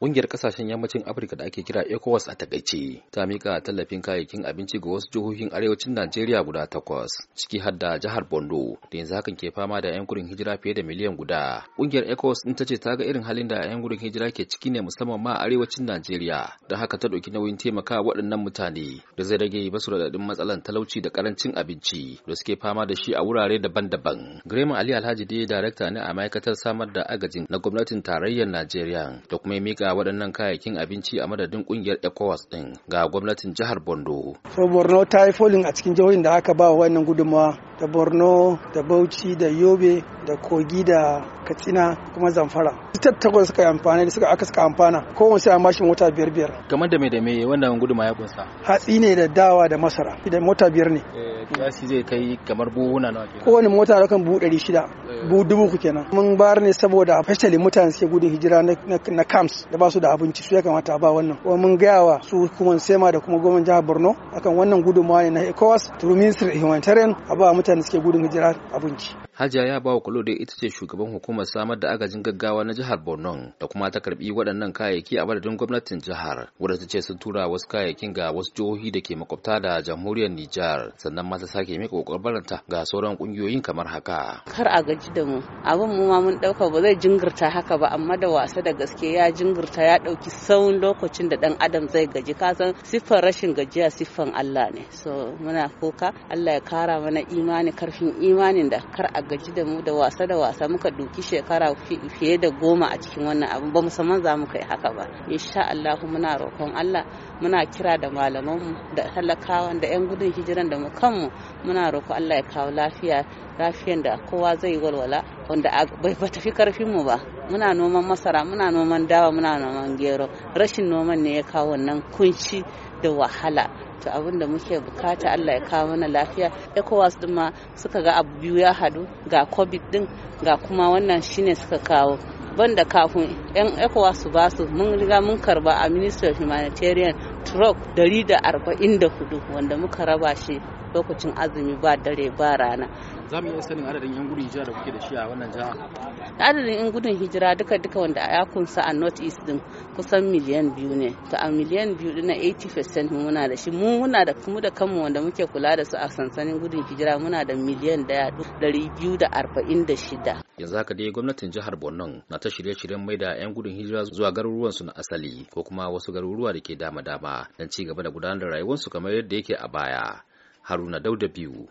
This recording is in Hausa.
Ƙungiyar ƙasashen yammacin Afirka da ake kira ECOWAS a takaice ta mika tallafin kayayyakin abinci ga wasu jihohin arewacin Najeriya guda takwas, ciki har da jihar Bondo, da yanzu hakan ke fama da 'yan gudun hijira fiye da miliyan guda. Ƙungiyar ECOWAS ɗin ta ce ta ga irin halin da 'yan gudun hijira ke ciki ne musamman ma arewacin Najeriya, da haka ta ɗauki nauyin taimaka waɗannan mutane da zai rage basu raɗaɗin matsalan talauci da ƙarancin abinci da suke fama da shi a wurare daban-daban. Grema Ali Alhaji dai darakta ne a ma'aikatar samar da agajin na gwamnatin tarayyar Najeriya da kuma mika da waɗannan kayayyakin abinci a madadin ƙungiyar ECOWAS ɗin ga gwamnatin jihar Bondo. So Borno ta yi folin a cikin jihohin da aka ba wa wannan gudunmawa da Borno da Bauchi da Yobe da Kogi da Katsina kuma Zamfara. State takwas suka yi amfani da suka aka suka amfana wani sai an bashi mota biyar biyar. Kamar da me da me wannan gudunmawa ya kunsa? Hatsi ne da dawa da masara da mota biyar ne. Kiyasi eh, zai kai kamar buhuna nawa kenan. Kowane mota kan buhu ɗari shida. dubu ku kenan mun bayar ne saboda a especially mutane suke gudun hijira na camps da ba su da abinci su ya kamata ba wannan kuma mun gaya wa su kuma sema da kuma gwamnatin jihar borno akan wannan gudunmawa ne na ecowas through ministry humanitarian a ba mutane suke gudun hijira abinci Hajiya ya bawa da ita ce shugaban hukumar samar da agajin gaggawa na jihar Borno da kuma ta karbi waɗannan kayayyaki a madadin gwamnatin jihar wadda ta ce sun tura wasu kayayyakin ga wasu jihohi da ke makwabta da jamhuriyar Nijar sannan ma ta sake mika ta ga sauran kungiyoyin kamar haka. Kar a gaji da mu abin mu ma mun dauka ba zai jingirta haka ba amma da wasa da gaske ya jingirta ya dauki tsawon lokacin da dan adam zai gaji kasan siffar rashin gajiya siffan Allah ne so muna koka Allah ya kara mana imani karfin imanin da kar a gaji da mu da wasa da wasa muka duki shekara fiye da goma a cikin wannan abu ba musamman za mu kai haka ba insha Allah muna roƙon Allah muna kira da mu da talakawan da 'yan gudun hijiran da mu kanmu muna roƙo Allah ya kawo lafiya lafiyan da kowa zai walwala wanda bai tafi mu ba muna noman masara muna noman dawa muna noman gero rashin noman ne ya kawo wannan kunci da wahala to abin da muke bukata Allah ya kawo mana lafiya ECOWAS din ma suka ga abu biyu ya hadu ga covid din ga kuma wannan shine suka kawo banda kafin yan ECOWAS su ba su mun riga mun karba a Ministry of Humanitarian truck 144 wanda muka raba shi lokacin azumi ba dare ba rana za mu iya sanin adadin yan gudun hijira da kuke da shi a wannan jiha adadin yan gudun hijira duka duka wanda ya kunsa a north east din kusan miliyan biyu ne to a miliyan biyu din na 80% muna da shi mu muna da kuma da kanmu wanda muke kula da su a sansanin gudun hijira muna da miliyan daya dari biyu da arba'in da shida yanzu haka dai gwamnatin jihar borno na ta shirye-shiryen mai da yan gudun hijira zuwa garuruwan su na asali ko kuma wasu garuruwa da ke dama-dama don ci gaba da gudanar da rayuwarsu kamar yadda yake a baya haruna dauda biyu